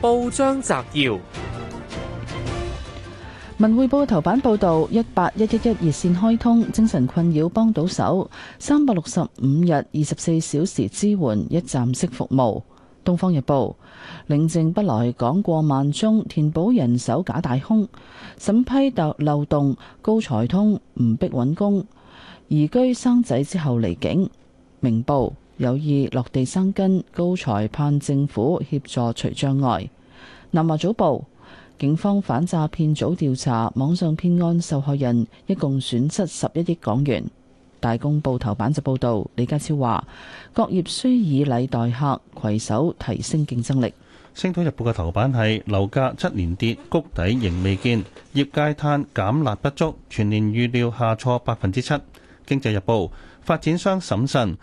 報章摘要：《文匯報》頭版報道，一八一一一熱線開通，精神困擾幫到手，三百六十五日二十四小時支援一站式服務。《東方日報》領證不來港過萬宗，填補人手假大空，審批鬥漏洞，高才通唔逼揾工，移居生仔之後離境。《明報》有意落地生根，高才盼政府協助除障礙。南華早報，警方反詐騙組調查網上騙案，受害人一共損失十一億港元。大公報頭版就報道，李家超話，各業需以禮待客，携手提升競爭力。星島日報嘅頭版係樓價七年跌谷底仍未見，業界嘆減辣不足，全年預料下挫百分之七。經濟日報，發展商審慎。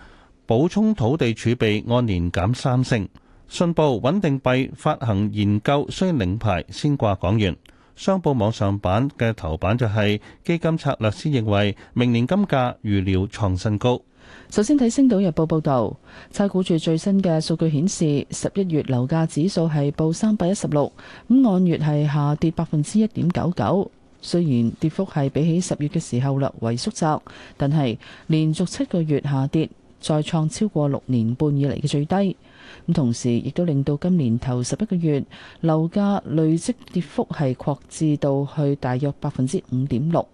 補充土地儲備按年減三成。信報穩定幣發行研究需領牌先掛港元。商報網上版嘅頭版就係基金策略師認為明年金價預料創新高。首先睇《星島日報》報道，差估署最新嘅數據顯示，十一月樓價指數係報三百一十六，咁按月係下跌百分之一點九九。雖然跌幅係比起十月嘅時候略為縮窄，但係連續七個月下跌。再創超過六年半以嚟嘅最低，咁同時亦都令到今年頭十一個月樓價累積跌幅係擴至到去大約百分之五點六。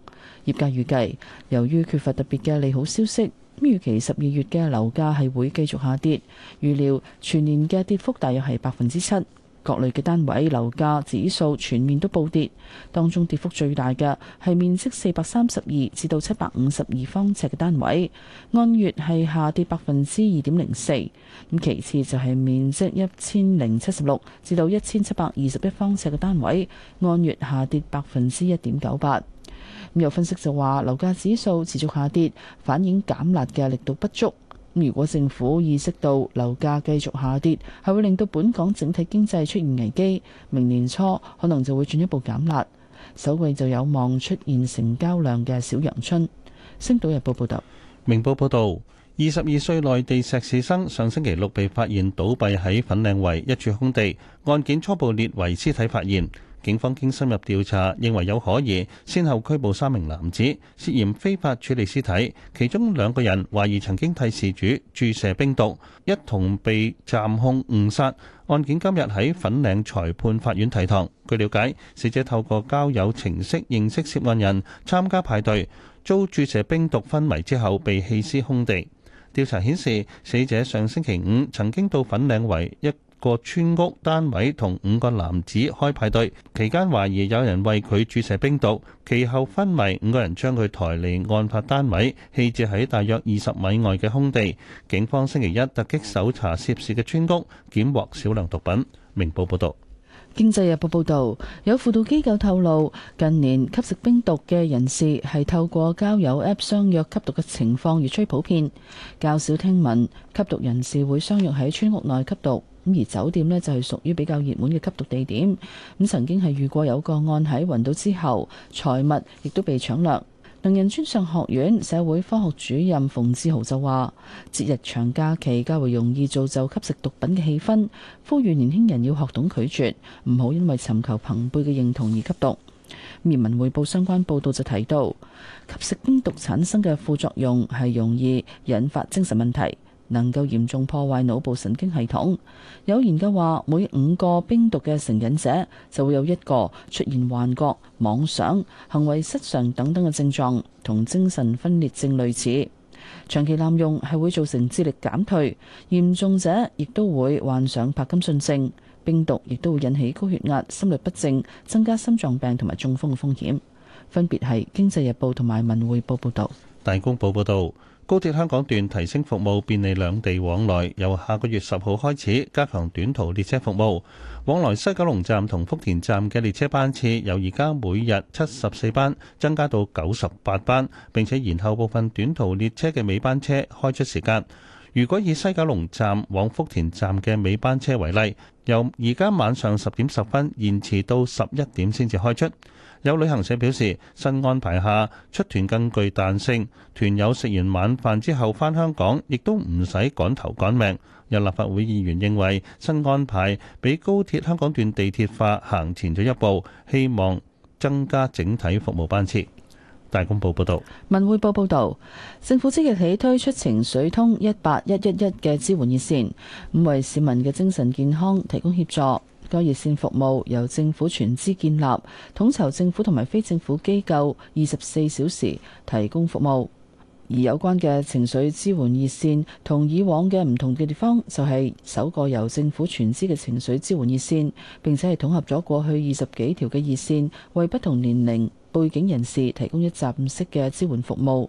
業界預計，由於缺乏特別嘅利好消息，咁預期十二月嘅樓價係會繼續下跌，預料全年嘅跌幅大約係百分之七。各類嘅單位樓價指數全面都暴跌，當中跌幅最大嘅係面積四百三十二至到七百五十二方尺嘅單位，按月係下跌百分之二點零四。咁其次就係面積一千零七十六至到一千七百二十一方尺嘅單位，按月下跌百分之一點九八。咁有分析就話樓價指數持續下跌，反映減辣嘅力度不足。咁如果政府意識到樓價繼續下跌，係會令到本港整體經濟出現危機，明年初可能就會進一步減辣，首季就有望出現成交量嘅小陽春。星島日報報道：「明報報道，二十二歲內地碩士生上星期六被發現倒斃喺粉嶺圍一處空地，案件初步列為屍體發現。」警方經深入調查，認為有可疑，先後拘捕三名男子涉嫌非法處理屍體，其中兩個人懷疑曾經替事主注射冰毒，一同被暫控誤殺。案件今日喺粉嶺裁判法院提堂。據了解，死者透過交友程式認識涉案人，參加派對，遭注射冰毒昏迷之後被棄屍空地。調查顯示，死者上星期五曾經到粉嶺為一個村屋單位同五個男子開派對，期間懷疑有人為佢注射冰毒，其後昏迷五個人將佢抬離案發單位，棄置喺大約二十米外嘅空地。警方星期一突擊搜查涉事嘅村屋，檢獲少量毒品。明報報道，經濟日報報道，有輔導機構透露，近年吸食冰毒嘅人士係透過交友 App 相約吸毒嘅情況越趨普遍，較少聽聞吸毒人士會相約喺村屋內吸毒。咁而酒店呢，就係屬於比較熱門嘅吸毒地點，咁曾經係遇過有個案喺暈倒之後財物亦都被搶掠。能仁專上學院社會科學主任馮志豪就話，節日長假期較為容易造就吸食毒品嘅氣氛，呼籲年輕人要學懂拒絕，唔好因為尋求朋輩嘅認同而吸毒。《文匯報》相關報道就提到，吸食冰毒產生嘅副作用係容易引發精神問題。能夠嚴重破壞腦部神經系統，有研究話每五個冰毒嘅成癮者就會有一個出現幻覺、妄想、行為失常等等嘅症狀，同精神分裂症類似。長期濫用係會造成智力減退，嚴重者亦都會患上帕金遜症。冰毒亦都會引起高血壓、心律不正、增加心臟病同埋中風嘅風險。分別係《經濟日報》同埋《文匯報》報道，《大公報》報道。高鐵香港段提升服務，便利兩地往來。由下個月十號開始，加強短途列車服務，往來西九龍站同福田站嘅列車班次，由而家每日七十四班增加到九十八班。並且延後部分短途列車嘅尾班車開出時間。如果以西九龍站往福田站嘅尾班車為例，由而家晚上十點十分延遲到十一點先至開出。有旅行社表示，新安排下出團更具彈性，團友食完晚飯之後返香港，亦都唔使趕頭趕命。有立法會議員認為，新安排比高鐵香港段地鐵化行前咗一步，希望增加整體服務班次。大公報報道，文匯報報道，政府即日起推出情緒通一八一一一嘅支援熱線，咁為市民嘅精神健康提供協助。該熱線服務由政府全資建立，統籌政府同埋非政府機構，二十四小時提供服務。而有關嘅情緒支援熱線同以往嘅唔同嘅地方，就係首個由政府全資嘅情緒支援熱線，並且係統合咗過去二十幾條嘅熱線，為不同年齡。背景人士提供一站式嘅支援服務。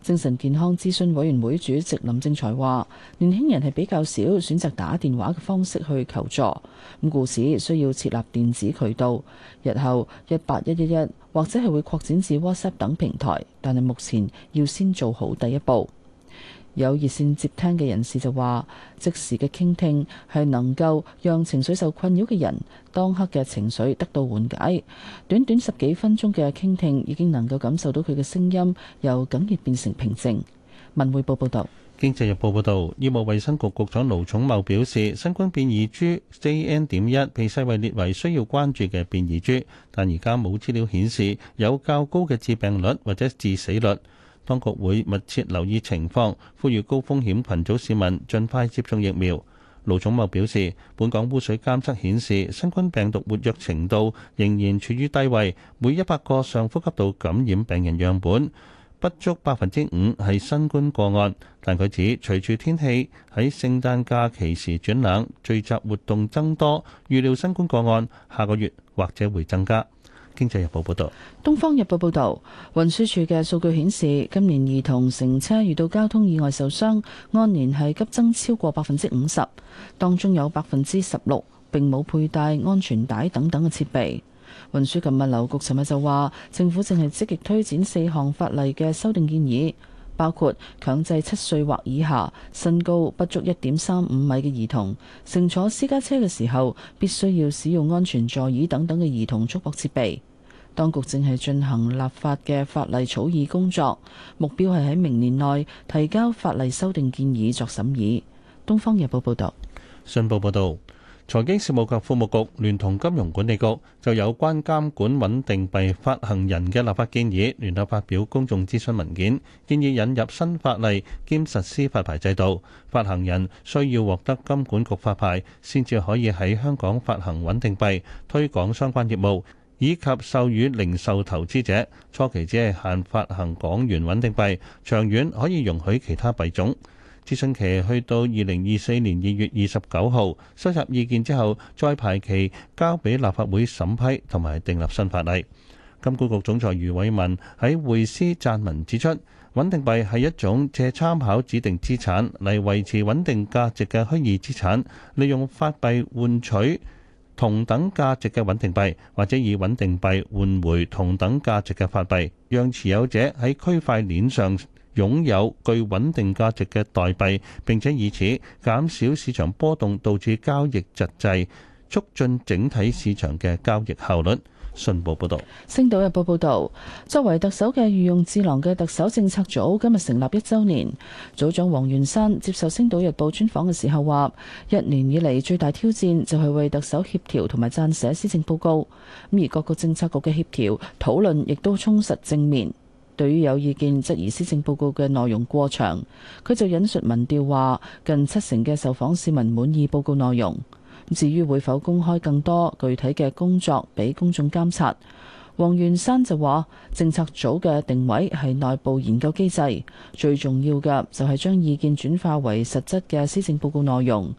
精神健康諮詢委員會主席林正才話，年輕人係比較少選擇打電話嘅方式去求助，咁故此需要設立電子渠道。日後一八一一一或者係會擴展至 WhatsApp 等平台，但係目前要先做好第一步。有熱線接聽嘅人士就話：即時嘅傾聽係能夠讓情緒受困擾嘅人當刻嘅情緒得到緩解。短短十幾分鐘嘅傾聽已經能夠感受到佢嘅聲音由緊熱變成平靜。文匯報報導，經濟日報報道，醫務衛生局局長盧寵茂表示，新冠變異株 JN 點一被世衞列為需要關注嘅變異株，但而家冇資料顯示有較高嘅致病率或者致死率。當局會密切留意情況，呼籲高風險群組市民盡快接種疫苗。盧寵茂表示，本港污水監測顯示，新冠病毒活躍程度仍然處於低位，每一百個上呼吸道感染病人樣本不足百分之五係新冠個案。但佢指，隨住天氣喺聖誕假期時轉冷，聚集活動增多，預料新冠個案下個月或者會增加。經濟日報報道，東方日報報道，運輸署嘅數據顯示，今年兒童乘車遇到交通意外受傷，按年係急增超過百分之五十，當中有百分之十六並冇佩戴安全帶等等嘅設備。運輸及物流局尋日就話，政府正係積極推展四項法例嘅修訂建議。包括強制七歲或以下、身高不足一點三五米嘅兒童乘坐私家車嘅時候，必須要使用安全座椅等等嘅兒童束縛設備。當局正係進行立法嘅法例草擬工作，目標係喺明年內提交法例修訂建議作審議。東方日報報道，信報報道。財經事務及庫務局聯同金融管理局就有關監管穩定幣發行人嘅立法建議，聯合發表公眾諮詢文件，建議引入新法例兼實施發牌制度。發行人需要獲得金管局發牌，先至可以喺香港發行穩定幣、推廣相關業務，以及授予零售投資者。初期只係限發行港元穩定幣，長遠可以容許其他幣種。諮詢期去到二零二四年二月二十九號，收集意見之後，再排期交俾立法會審批同埋訂立新法例。金管局總裁余偉文喺匯思撰文指出，穩定幣係一種借參考指定資產嚟維持穩定價值嘅虛擬資產，利用法幣換取同等價值嘅穩定幣，或者以穩定幣換回同等價值嘅法幣，讓持有者喺區塊鏈上。擁有具穩定價值嘅代幣，並且以此減少市場波動，導致交易窒滯，促進整體市場嘅交易效率。信報報導。《星島日報》報導，作為特首嘅御用智囊嘅特首政策組今日成立一週年，組長黃元山接受《星島日報》專訪嘅時候話：一年以嚟最大挑戰就係為特首協調同埋撰寫施政報告，咁而各個政策局嘅協調討論亦都充實正面。對於有意見質疑施政報告嘅內容過長，佢就引述民調話近七成嘅受訪市民滿意報告內容。至於會否公開更多具體嘅工作俾公眾監察，黃元山就話政策組嘅定位係內部研究機制，最重要嘅就係將意見轉化為實質嘅施政報告內容。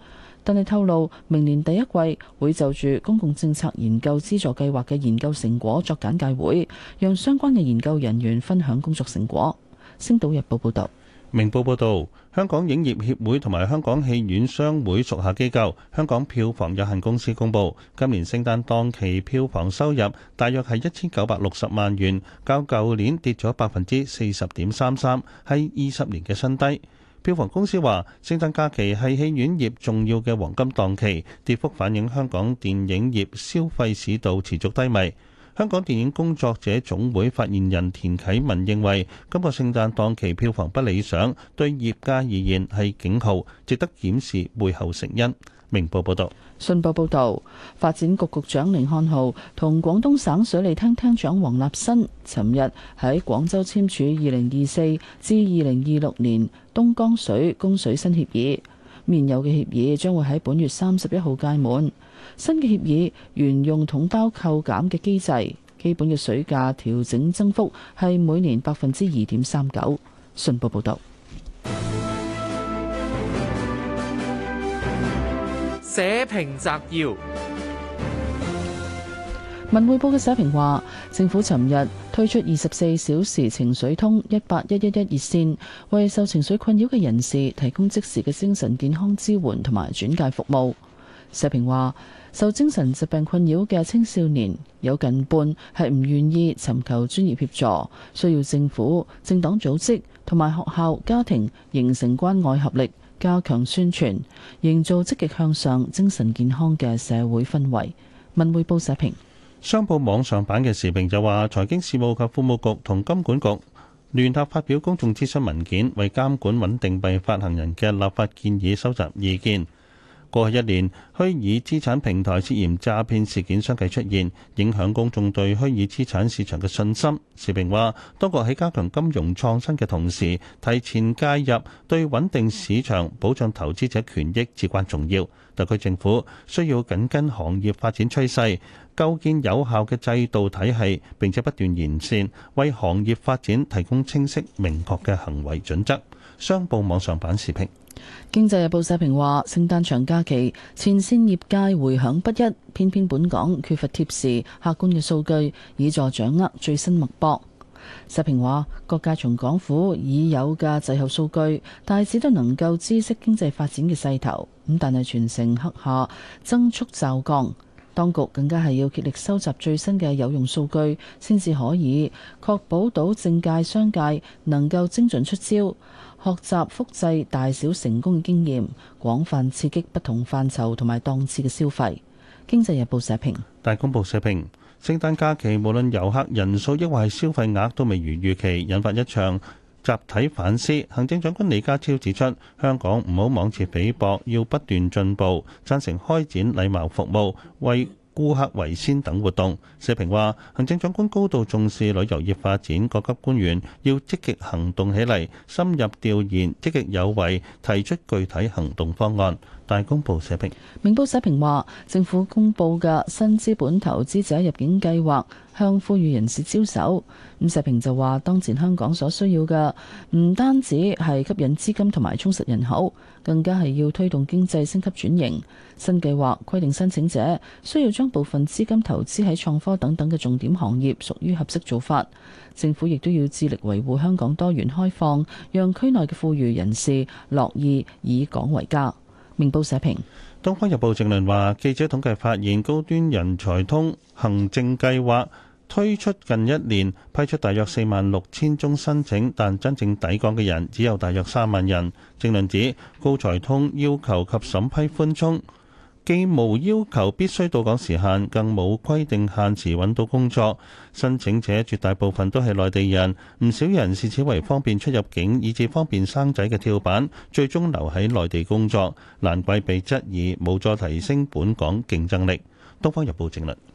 但係透露，明年第一季會就住公共政策研究資助計劃嘅研究成果作簡介會，讓相關嘅研究人員分享工作成果。星島日報報導，明報報導，香港影業協會同埋香港戲院商會屬下機構香港票房有限公司公佈，今年聖誕檔期票房收入大約係一千九百六十萬元，較舊年跌咗百分之四十點三三，喺二十年嘅新低。票房公司話：聖誕假期係戲院業重要嘅黃金檔期，跌幅反映香港電影業消費市道持續低迷。香港電影工作者總會發言人田啟文認為，今個聖誕檔期票房不理想，對業界而言係警號，值得檢視背後成因。明報報導，信報報導，發展局局長甯漢豪同廣東省水利廳廳長黃立新，尋日喺廣州簽署二零二四至二零二六年東江水供水新協議，現有嘅協議將會喺本月三十一號屆滿，新嘅協議沿用統包扣減嘅機制，基本嘅水價調整增幅係每年百分之二點三九。信報報道。社評摘要。文匯報嘅社評話，政府尋日推出二十四小時情緒通一八一一一熱線，為受情緒困擾嘅人士提供即時嘅精神健康支援同埋轉介服務。社評話，受精神疾病困擾嘅青少年有近半係唔願意尋求專業協助，需要政府、政黨組織同埋學校、家庭形成關愛合力加強，加強宣傳，營造積極向上精神健康嘅社會氛圍。文匯報社評。商報網上版嘅時評就話：財經事務及庫務局同金管局聯合發表公眾諮詢文件，為監管穩定幣發行人嘅立法建議收集意見。過去一年，虛擬資產平台涉嫌詐騙事件相繼出現，影響公眾對虛擬資產市場嘅信心。時評話，多國喺加強金融創新嘅同時，提前介入對穩定市場、保障投資者權益至關重要。特區政府需要緊跟行業發展趨勢，構建有效嘅制度體系，並且不斷完善，為行業發展提供清晰明確嘅行為準則。商報網上版時評。經濟日報社評話：聖誕長假期前線業界回響不一，偏偏本港缺乏貼士客觀嘅數據以助掌握最新脈搏。社評話，各界從港府已有嘅滯後數據，大致都能夠知悉經濟發展嘅勢頭。咁但係全城黑下增速驟降，當局更加係要竭力收集最新嘅有用數據，先至可以確保到政界商界能夠精準出招。學習複製大小成功嘅經驗，廣泛刺激不同範疇同埋檔次嘅消費。經濟日報社評。大公報社評，聖誕假期無論遊客人數抑或係消費額都未如預期，引發一場集體反思。行政長官李家超指出，香港唔好妄自菲薄，要不斷進步，贊成開展禮貌服務，為顧客為先等活動，社評話行政長官高度重視旅遊業發展，各級官員要積極行動起嚟，深入調研，積極有為，提出具體行動方案。大公報社評，明報社評話，政府公布嘅新資本投資者入境計劃向富裕人士招手。咁社評就話，當前香港所需要嘅唔單止係吸引資金同埋充實人口，更加係要推動經濟升級轉型。新計劃規定申請者需要將部分資金投資喺創科等等嘅重點行業屬於合適做法。政府亦都要致力維護香港多元開放，讓區內嘅富裕人士樂意以港為家。明報社評，《東方日報》正論話，記者統計發現，高端人才通行政計劃推出近一年，批出大約四萬六千宗申請，但真正抵港嘅人只有大約三萬人。正論指，高才通要求及審批寬鬆。既無要求必須到港時限，更冇規定限時揾到工作。申請者絕大部分都係內地人，唔少人視此為方便出入境，以至方便生仔嘅跳板，最終留喺內地工作。難怪被質疑冇助提升本港競爭力。《東方日報》正論。